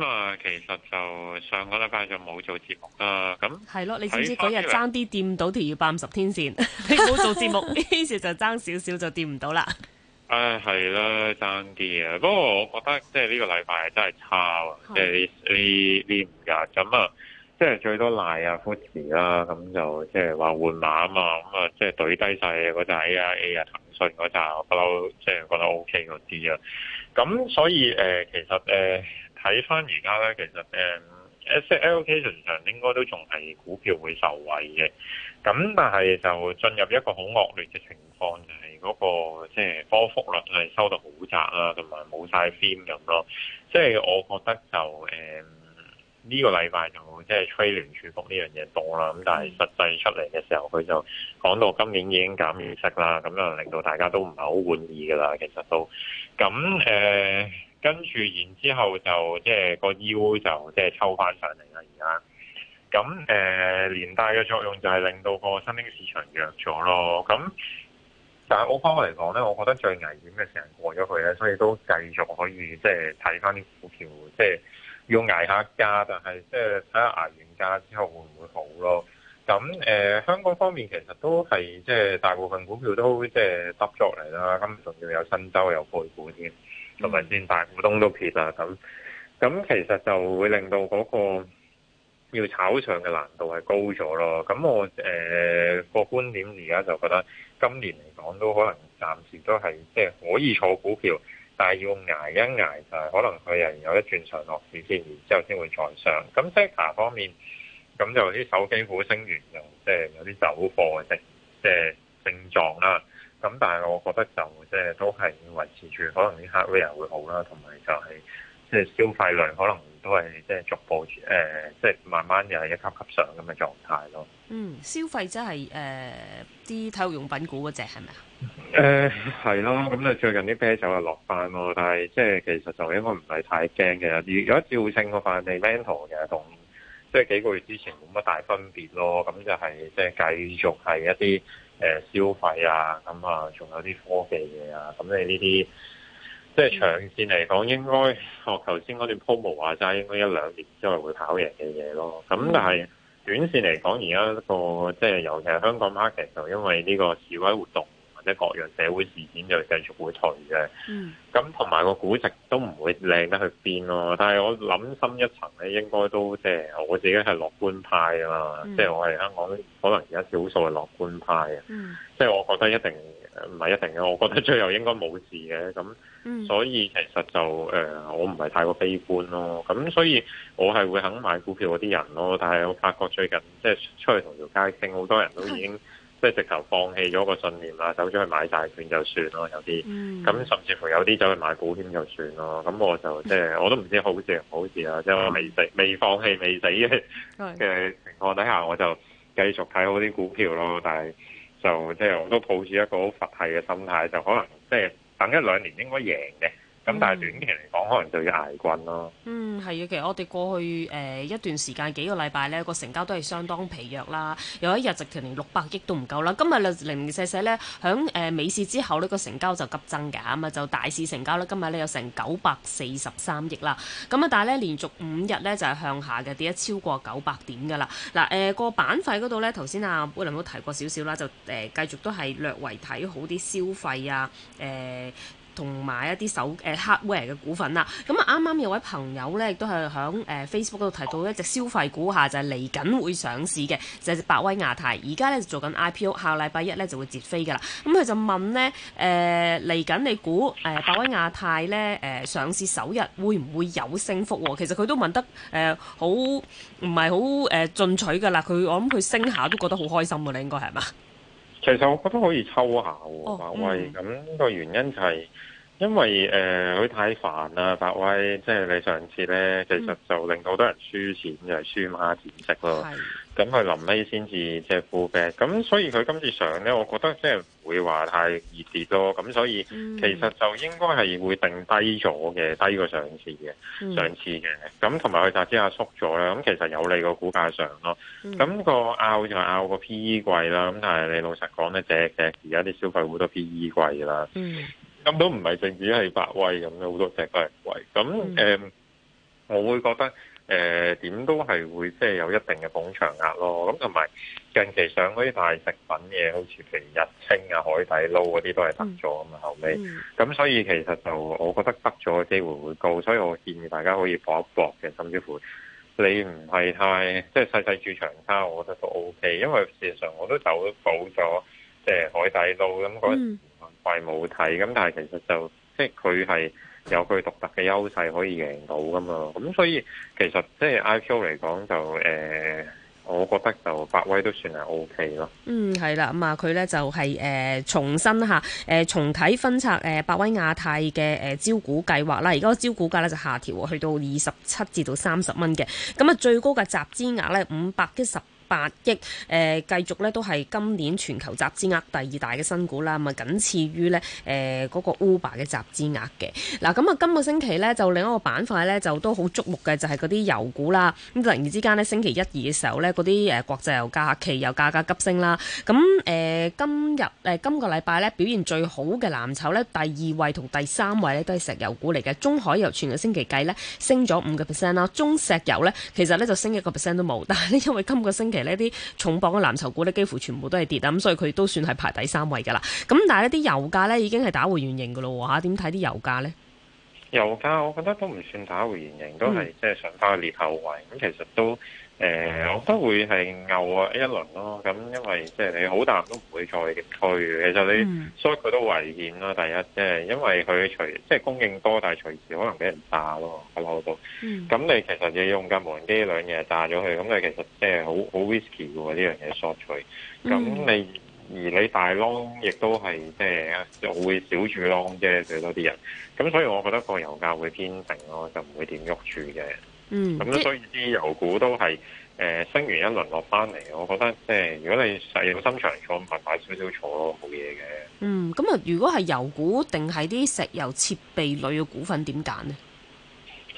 咁啊、嗯，其實就上個禮拜就冇做節目啦。咁係咯，你知唔知嗰日爭啲掂到條二百五十天線？ 你冇做節目，於 是就爭少少就掂唔到啦。啊，係啦，爭啲啊。不過我覺得即係呢個禮拜真係差啊，即係呢呢呢五日咁啊，即係最多賴啊富時啦，咁就即係話換馬啊嘛。咁啊，即係懟低晒嗰扎 AIA 啊騰訊嗰扎不嬲，即係覺得 OK 嗰啲啊。咁所以誒、呃，其實誒。呃呃呃呃呃睇翻而家咧，其實誒，一些 allocation 上應該都仲係股票會受惠嘅，咁但係就進入一個好惡劣嘅情況，就係嗰個即係波幅率係收得好窄啦，同埋冇曬 fill 咁咯。即係我覺得就誒呢個禮拜就即係吹聯儲局呢樣嘢多啦，咁但係實際出嚟嘅時候，佢就講到今年已經減免息啦，咁啊令到大家都唔係好滿意噶啦，其實都咁誒。跟住，然之後就即係個腰、e、就即係抽翻上嚟啦。而家咁誒，連帶嘅作用就係令到個新興市場弱咗咯。咁但係我方嚟講咧，我覺得最危險嘅時間過咗去咧，所以都繼續可以即係睇翻啲股票，即係要捱下價，但係即係睇下捱完價之後會唔會好咯。咁誒，香港方面其實都係即係大部分股票都即係執咗落嚟啦，咁仲要有新洲有配股添。咁咪先，大股東都撇啦，咁咁其實就會令到嗰個要炒上嘅難度係高咗咯。咁我誒、呃那個觀點而家就覺得今年嚟講都可能暫時都係即係可以坐股票，但係要捱一捱就係可能佢人有一段上落市先，然之後先會再上。咁即 e s 方面，咁就啲手幾股升完就即係、就是、有啲走貨、就是就是、性狀，即係升漲啦。咁但係我覺得就即係都係維持住，可能啲客 a r 會好啦，同埋就係即係消費量可能都係即係逐步誒，即係慢慢又係一級級上咁嘅狀態咯。嗯，消費者係誒啲體育用品股嗰隻係咪啊？誒係咯，咁啊最近啲啤酒啊落翻咯，但係即係其實就應該唔係太驚嘅。如果照勝個份地 m e n t a 同即係幾個月之前冇乜大分別咯。咁就係即係繼續係一啲。誒、呃、消費啊，咁啊，仲有啲科技嘢啊，咁你呢啲即係長線嚟講，應該學頭先嗰段 promo 話齋，應該一兩年之後會跑贏嘅嘢咯。咁但係短線嚟講，而家一個即係尤其係香港 market 就因為呢個示威活動。或者各樣社會事件就繼續會退嘅，咁同埋個估值都唔會靚得去邊咯、啊。但係我諗深一層咧，應該都即係我自己係樂觀派啊，嗯、即係我係香港可能而家少數係樂觀派啊，嗯、即係我覺得一定唔係一定嘅，我覺得最後應該冇事嘅。咁、嗯、所以其實就誒、呃，我唔係太過悲觀咯。咁所以我係會肯買股票嗰啲人咯。但係我發覺最近即係出去同條街傾，好多人都已經，即係直頭放棄咗個信念啦，走咗去買債券就算咯，有啲咁甚至乎有啲走去買保險就算咯。咁我就即係 我，我都唔知好事唔好事啊！即、就、係、是、我未死未放棄未死嘅嘅情況底下，我就繼續睇好啲股票咯。但係就即係、就是、我都抱住一個好佛系嘅心態，就可能即係、就是、等一兩年應該贏嘅。咁但係短期嚟講，可能就要挨棍咯。嗯，係啊、嗯，其實我哋過去誒、呃、一段時間幾個禮拜咧，個成交都係相當疲弱啦。有一日直情連六百億都唔夠啦。今日零零四四咧，響誒美市之後呢個成交就急增㗎咁嘛，就大市成交咧今日咧有成九百四十三億啦。咁、就是呃呃、啊，但係咧連續五日咧就係向下嘅，跌咗超過九百點㗎啦。嗱誒個板塊嗰度咧，頭先阿貝林都提過少少啦，就誒、呃、繼續都係略為睇好啲消費啊誒。呃同埋一啲手誒、呃、hardware 嘅股份啦，咁啊啱啱有位朋友咧，亦都係喺誒 Facebook 嗰度提到一隻消費股下就係嚟緊會上市嘅，就係、是、百威亞太，而家咧做緊 IPO，下禮拜一咧就會截飛噶啦。咁、嗯、佢就問咧誒嚟緊你估誒、呃、百威亞太咧誒、呃、上市首日會唔會有升幅，哦？其實佢都問得誒好唔係好誒進取噶啦。佢我諗佢升下都覺得好開心噶你應該係嘛？其實我覺得可以抽下百威，咁、那個原因就係、是。因為誒佢、呃、太煩啦，百威，即係你上次咧，其實就令到好多人輸錢，嗯、就係輸孖展息咯。咁佢臨尾先至即係股跌，咁所以佢今次上咧，我覺得即係唔會話太熱跌多，咁所以其實就應該係會定低咗嘅，低過上次嘅、嗯、上次嘅。咁同埋佢就集資額縮咗啦，咁其實有利個股價上咯。咁、嗯、個拗就拗個 P E 貴啦，咁但係你老實講咧，隻隻而家啲消費股都 P E 貴啦。嗯咁都唔係淨止係百威咁樣，好多隻都係貴。咁誒，嗯、我會覺得誒點、呃、都係會即係有一定嘅捧場額咯。咁同埋近期上嗰啲大食品嘅，好似譬如日清啊、海底撈嗰啲都係得咗啊嘛後尾。咁、嗯、所以其實就我覺得得咗嘅機會會高，所以我建議大家可以搏一搏嘅。甚至乎你唔係太即係細細注長差，我覺得都 OK。因為事實上我都走補咗即係海底撈咁嗰。嗯嗯係冇睇，咁但係其實就即係佢係有佢獨特嘅優勢可以贏到噶嘛，咁所以其實即係 IPO 嚟講就誒、呃，我覺得就百威都算係 O K 咯。嗯，係啦，咁啊佢咧就係、是、誒、呃、重新吓誒、呃、重啟分拆誒、呃、百威亞太嘅誒、呃、招股計劃啦，而家招股價咧就下調去到二十七至到三十蚊嘅，咁、嗯、啊最高嘅集資額咧五百一十。八億誒、呃，繼續咧都係今年全球集資額第二大嘅新股啦，咁啊僅次於咧誒嗰個 Uber 嘅集資額嘅。嗱咁啊、嗯，今個星期咧就另一個板塊咧就都好觸目嘅，就係嗰啲油股啦。咁、嗯、突然之間呢，星期一、二嘅時候咧，嗰啲誒國際油價、期油價格急升啦。咁、嗯、誒、呃、今日誒、呃、今個禮拜咧表現最好嘅藍籌咧，第二位同第三位咧都係石油股嚟嘅。中海油全個星期計咧升咗五個 percent 啦，中石油咧其實咧就升一個 percent 都冇，但係呢，因為今個星期，呢啲重磅嘅藍籌股咧，幾乎全部都係跌啊，咁所以佢都算係排第三位噶啦。咁但係呢啲油價咧已經係打回原形噶咯喎吓，點睇啲油價咧？油價我覺得都唔算打回原形，都係即係上翻去裂口位。咁其實都誒，我都會係牛啊一輪咯。咁因為即係你好大都唔會再去嘅，其實你所以佢都危險啦。第一即係因為佢隨即係供應多，但係隨時可能俾人炸咯喺路度。咁你其實你用架無人機兩嘢炸咗佢，咁你其實即係好好 risky 喎呢樣嘢索取。咁你。而你大窿亦都係即係，就會少住窿啫，最多啲人。咁所以，我覺得個油價會偏定咯，就唔會點喐住嘅。嗯，咁所以啲油股都係誒、呃、升完一輪落翻嚟，我覺得即係如果你細有心長咁，咪買少少坐咯，冇嘢嘅。嗯，咁啊，如果係油股定係啲石油設備類嘅股份點揀呢？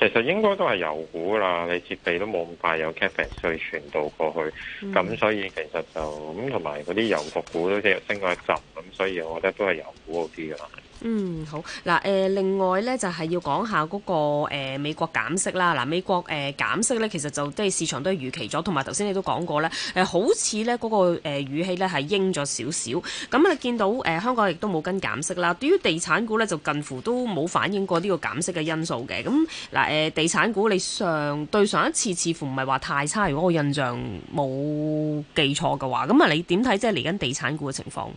其實應該都係油股啦，你設備都冇咁快有 capex 去傳導過去，咁、嗯、所以其實就咁同埋嗰啲油服股，股都其實升過一浸，咁所以我覺得都係油股好啲㗎啦。嗯，好嗱誒、呃、另外咧就係、是、要講下嗰、那個、呃、美國減息啦嗱、呃、美國誒、呃、減息咧其實就即係市場都係預期咗，同埋頭先你都講過咧誒、呃、好似咧嗰個誒、呃、語氣咧係應咗少少，咁、嗯、你見到誒、呃、香港亦都冇跟減息啦，對於地產股咧就近乎都冇反映過呢個減息嘅因素嘅，咁嗱誒地產股你上對上一次似乎唔係話太差，如果我印象冇記錯嘅話，咁啊你點睇即係嚟緊地產股嘅情況？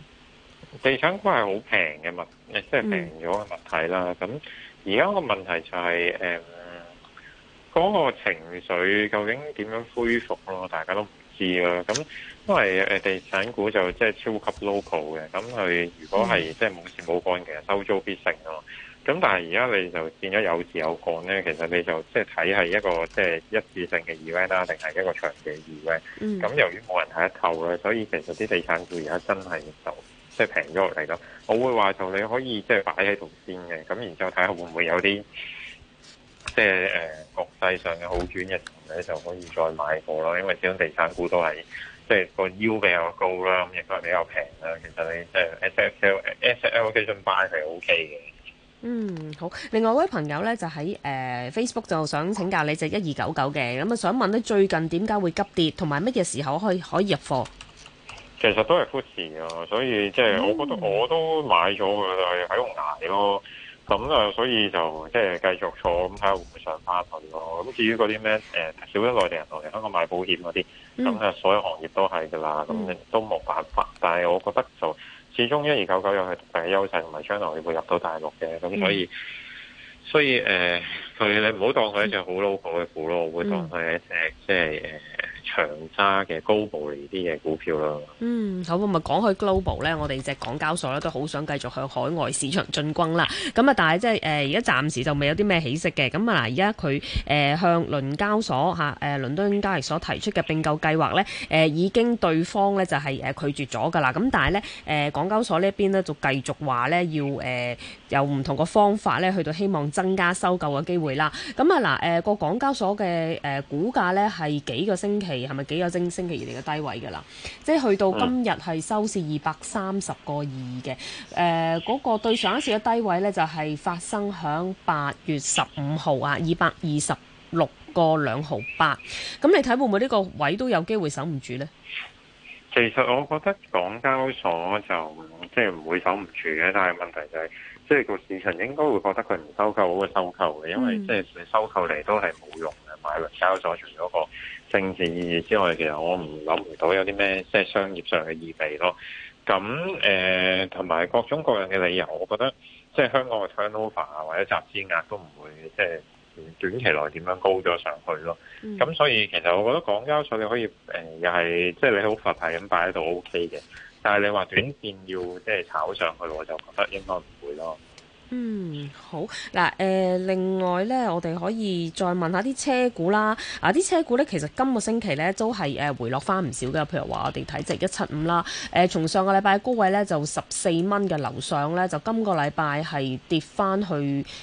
地產股係好平嘅物，即係平咗嘅物體啦。咁而家個問題就係誒嗰個情緒究竟點樣恢復咯？大家都唔知啦。咁因為誒地產股就即係超級 local 嘅，咁佢如果係即係冇事冇幹嘅，收租必勝啊。咁但係而家你就變咗有事有幹咧，其實你就即係睇係一個即係一次性嘅 event 啦，定係一個長期嘅 event？咁由於冇人睇得透咧，所以其實啲地產股而家真係就～即係平咗落嚟咯，我會話就你可以即係擺喺度先嘅，咁然之後睇下會唔會有啲即係誒、呃、國際上嘅好轉嘅時候，就可以再買貨咯。因為始終地產股都係即係個 yield 比較高啦，咁亦都係比較平啦。其實你即係 S F L S F L 基金擺係 O K 嘅。嗯，好。另外一位朋友咧，就喺誒、呃、Facebook 就想請教你，隻一二九九嘅，咁啊，想問咧，最近點解會急跌，同埋乜嘢時候可以可以入貨？其實都係忽市啊，所以即係我覺得我都買咗佢喺度挨咯。咁啊，所以就即係繼續坐，咁睇下會唔會上返去咯。咁、嗯、至於嗰啲咩誒少咗內地人落嚟香港買保險嗰啲，咁、嗯、啊、嗯、所有行業都係噶啦，咁、嗯嗯、都冇辦法。但係我覺得就始終一二九九又係獨特嘅優勢，同埋將來會入到大陸嘅，咁、嗯嗯、所以所以誒，佢你唔好當佢一隻好老虎嘅股咯，嗯、我會當佢一隻即係誒。嗯嗯就是長揸嘅高部啲嘅股票咯。嗯，好，我咪講去 global 咧，我哋隻港交所咧都好想繼續向海外市場進軍啦。咁啊，但係即係誒而家暫時就未有啲咩起色嘅。咁啊嗱，而家佢誒向倫交所嚇誒倫敦交易所提出嘅併購計劃咧，誒已經對方咧就係誒拒絕咗㗎啦。咁但係咧誒港交所呢一邊咧就繼續話咧要誒有唔同嘅方法咧去到希望增加收購嘅機會啦。咁啊嗱誒個港交所嘅誒股價咧係幾個星期，係咪幾有精星期二嚟嘅低位㗎啦？即係去到今日係收市二百三十個二嘅。誒、嗯，嗰、呃那個對上一次嘅低位咧，就係、是、發生喺八月十五號啊，二百二十六個兩毫八。咁你睇會唔會呢個位都有機會守唔住呢？其實我覺得港交所就即係唔會守唔住嘅，但係問題就係、是、即係個市場應該會覺得佢唔收購好過收購嘅，因為即係你收購嚟都係冇用嘅，買完交所除咗、那個。政治意義之外，其實我唔諗唔到有啲咩即係商業上嘅意味咯。咁誒，同、呃、埋各種各樣嘅理由，我覺得即係香港嘅 turnover 啊，或者集資額都唔會即係短期內點樣高咗上去咯。咁、嗯、所以其實我覺得港交所你可以誒，又、呃、係即係你好佛系咁擺喺度 OK 嘅，但係你話短線要即係炒上去，我就覺得應該唔會咯。嗯，好嗱，誒、呃，另外呢，我哋可以再問下啲車股啦。啊，啲車股呢，其實今個星期呢，都係誒、呃、回落翻唔少嘅。譬如話我哋睇隻一七五啦，誒、呃，從上個禮拜高位呢，就十四蚊嘅樓上呢，就個、呃、今個禮拜係跌翻去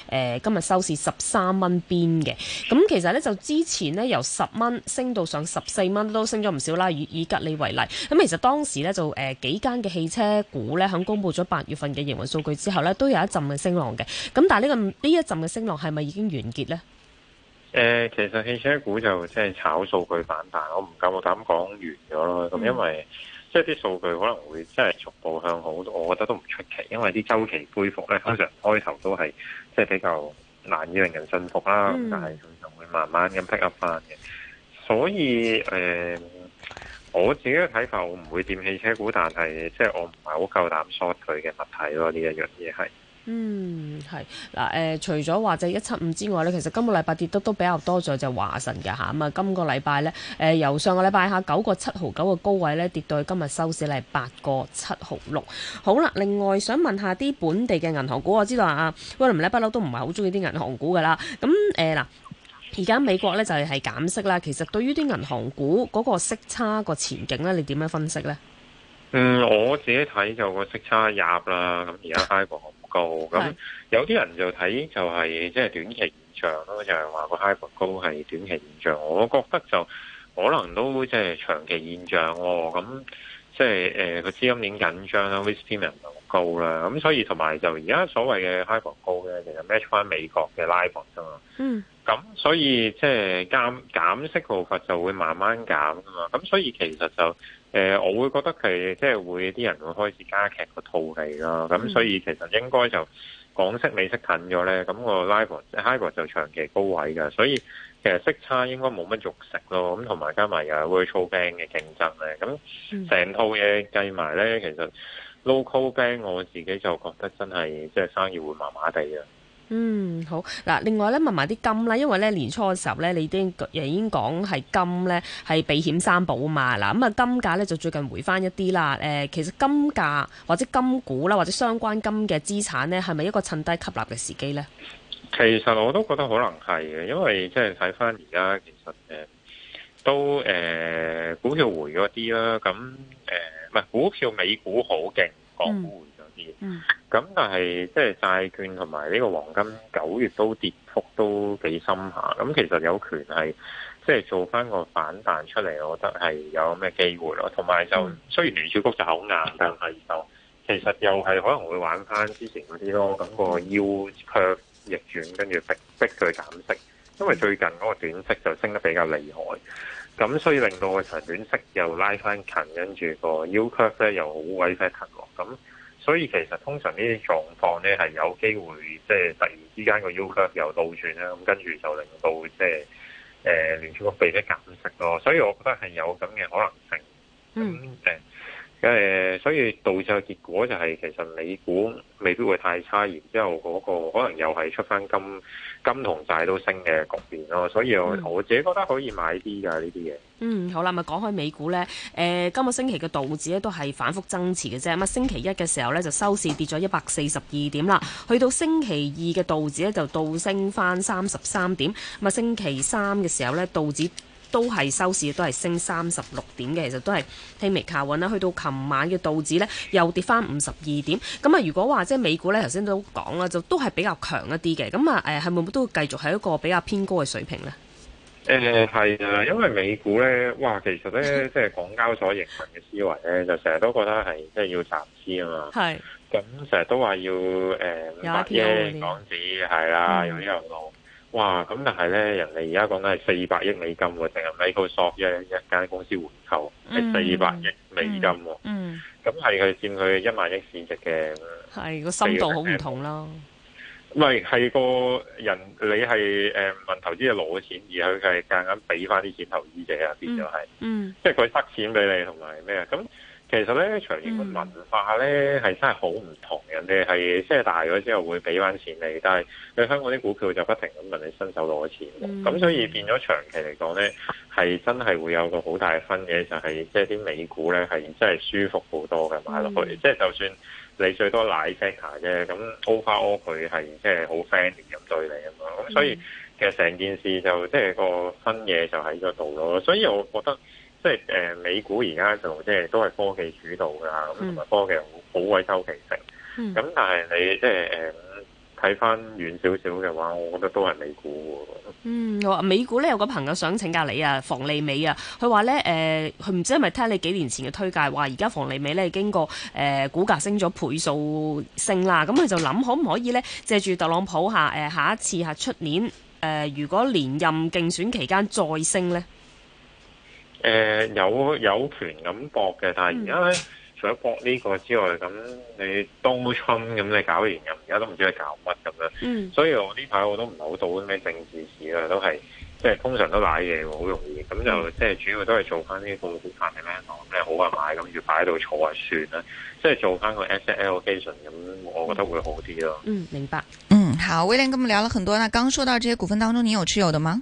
誒、今日收市十三蚊邊嘅。咁、嗯、其實呢，就之前呢，由十蚊升到上十四蚊都升咗唔少啦。以以吉利為例，咁、嗯、其實當時呢，就誒、呃、幾間嘅汽車股呢，響公布咗八月份嘅營運數據之後呢，都有一陣嘅升。升、這個、浪嘅，咁但係呢個呢一陣嘅升浪係咪已經完結呢？誒、呃，其實汽車股就即係炒數據反彈，我唔夠冇膽講完咗咯。咁、嗯、因為即係啲數據可能會真係逐步向好，我覺得都唔出奇。因為啲週期恢復咧，通常開頭都係即係比較難以令人信服啦。嗯、但係佢仲會慢慢咁 pick up 翻嘅。所以誒、呃，我自己嘅睇法，我唔會掂汽車股，但係即係我唔係好夠膽 short 佢嘅物體咯。呢一樣嘢係。嗯，係嗱，誒、呃，除咗話隻一七五之外呢，其實今個禮拜跌得都比較多，咗係就華晨嘅吓，咁、嗯、啊，今個禮拜呢，誒、呃，由上個禮拜下九個七毫九嘅高位呢，跌到去今日收市咧係八個七毫六。好啦，另外想問下啲本地嘅銀行股，我知道啊，威廉咧不嬲都唔係好中意啲銀行股噶啦，咁誒嗱，而、呃、家美國呢，就係係減息啦，其實對於啲銀行股嗰個息差個前景呢，你點樣分析呢？嗯，我自己睇就個息差弱啦，咁而家高咁有啲人就睇就係即係短期現象咯，就係話個 hype 高係短期現象。我覺得就可能都即係長期現象咯。咁即係誒個資金鏈緊張啦，vista level 高啦。咁所以同埋就而家所謂嘅 hype 高咧，其實 match 翻美國嘅 life 嘅嘛。嗯。咁所以即係減減息步伐就會慢慢減噶嘛。咁所以其實就。誒、呃，我會覺得其即係會啲人會開始加劇個套利啦，咁所以其實應該就港式美式近咗咧，咁個 HIBOR 就長期高位嘅，所以其實息差應該冇乜肉食咯，咁同埋加埋又係 Virtual Bank 嘅競爭咧，咁成套嘢計埋咧，其實 local bank 我自己就覺得真係即係生意會麻麻地啊。嗯，好嗱。另外咧，問埋啲金啦，因為咧年初嘅時候咧，你都已經已經講係金咧係避險三寶嘛嗱。咁啊，金價咧就最近回翻一啲啦。誒、呃，其實金價或者金股啦，或者相關金嘅資產咧，係咪一個趁低吸納嘅時機咧？其實我都覺得可能係嘅，因為即係睇翻而家其實誒都誒股票回咗啲啦。咁誒唔係，呃，股票美股好勁，港股。嗯。嗯，咁但係即係債券同埋呢個黃金九月都跌幅都幾深下，咁、嗯、其實有權係即係做翻個反彈出嚟，我覺得係有咩機會咯。同埋就雖然聯儲局就好硬，但係就其實又係可能會玩翻之前嗰啲咯，咁、個 U curve 逆轉跟住逼逼佢減息，因為最近嗰個短息就升得比較厲害，咁所以令到個長短息又拉翻近，跟住個 U curve 咧又好鬼死近喎，咁。所以其實通常狀況呢啲狀況咧係有機會即係突然之間個腰腳又倒轉啦，咁跟住就令到即係誒、呃、連住個鼻肌減息咯，所以我覺得係有咁嘅可能性。嗯。誒。誒，所以導致嘅結果就係其實美股未必會太差，然之後嗰個可能又係出翻金金同債都升嘅局面咯，所以我我自己覺得可以買啲㗎呢啲嘢。嗯，好啦，咪講開美股呢。誒、呃，今個星期嘅道指呢都係反覆增持嘅啫，咁啊，星期一嘅時候呢，就收市跌咗一百四十二點啦，去到星期二嘅道指呢，就倒升翻三十三點，咁、嗯、啊，星期三嘅時候呢，道指。都係收市都係升三十六點嘅，其實都係輕微靠穩啦。去到琴晚嘅道指咧，又跌翻五十二點。咁啊，如果話即係美股咧，頭先都講啦，就都係比較強一啲嘅。咁啊，誒係咪都會繼續喺一個比較偏高嘅水平咧？誒係啊，因為美股咧，哇，其實咧即係港交所營運嘅思維咧，就成日都覺得係即係要集資啊嘛。係是。咁成日都話要誒，有啲嘅港紙係啦，有啲又冇。哇！咁但係咧，人哋而家講緊係四百億美金喎，淨係 make a shock 一一間公司換購，係四百億美金喎，嗯。嗯，咁係佢佔佢一萬億市值嘅，係個深度好唔同咯。唔係係個人，你係誒問投資者攞錢，而佢係夾硬俾翻啲錢投資者啊，變咗係。嗯，即係佢塞錢俾你同埋咩啊？咁。嗯嗯其實咧，長期嘅文化咧係真係好唔同，人哋係即係大咗之後會俾翻錢你，但係喺香港啲股票就不停咁問你伸手攞錢，咁、嗯、所以變咗長期嚟講咧係真係會有個好大嘅分嘅，就係、是、即係啲美股咧係真係舒服好多嘅買落去，即係、嗯、就算你最多奶息卡啫，咁 overall 佢係即係好 friendly 咁對你啊嘛，咁所以其實成件事就即係個分嘢就喺嗰度咯，所以我覺得。即係誒、呃、美股而家就即係都係科技主導㗎，咁同埋科技好鬼周期性。咁、嗯、但係你即係誒睇翻遠少少嘅話，我覺得都係美股喎。嗯，我美股咧有個朋友想請教你啊，房利美啊，佢話咧誒，佢、呃、唔知係咪聽你幾年前嘅推介，話而家房利美咧經過誒、呃、股價升咗倍數升啦，咁佢就諗可唔可以咧借住特朗普下誒、呃、下一次係出年誒、呃、如果連任競選期間再升咧？誒、呃，有有權咁搏嘅，但係而家咧，嗯、除咗搏呢個之外，咁你刀衝咁你搞完，又而家都唔知佢搞乜咁樣。嗯，所以我呢排我都唔係好到咩政治市啦，都係即係通常都瀨嘢，好容易咁、嗯、就即係主要都係做翻呢共識派嘅呢，咁你好就、啊、買，咁要擺喺度坐係、啊、算啦、啊。即係做翻個 asset allocation 咁我覺得會好啲咯。嗯，明白。嗯，好，William 跟我們聊了很多，那剛說到這些股份當中，你有持有的嗎？